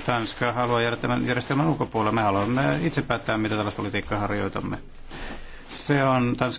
Tanska haluaa jäädä tämän järjestelmän ulkopuolelle. Me haluamme itse päättää, mitä tällaista politiikkaa harjoitamme. Se on Tanskan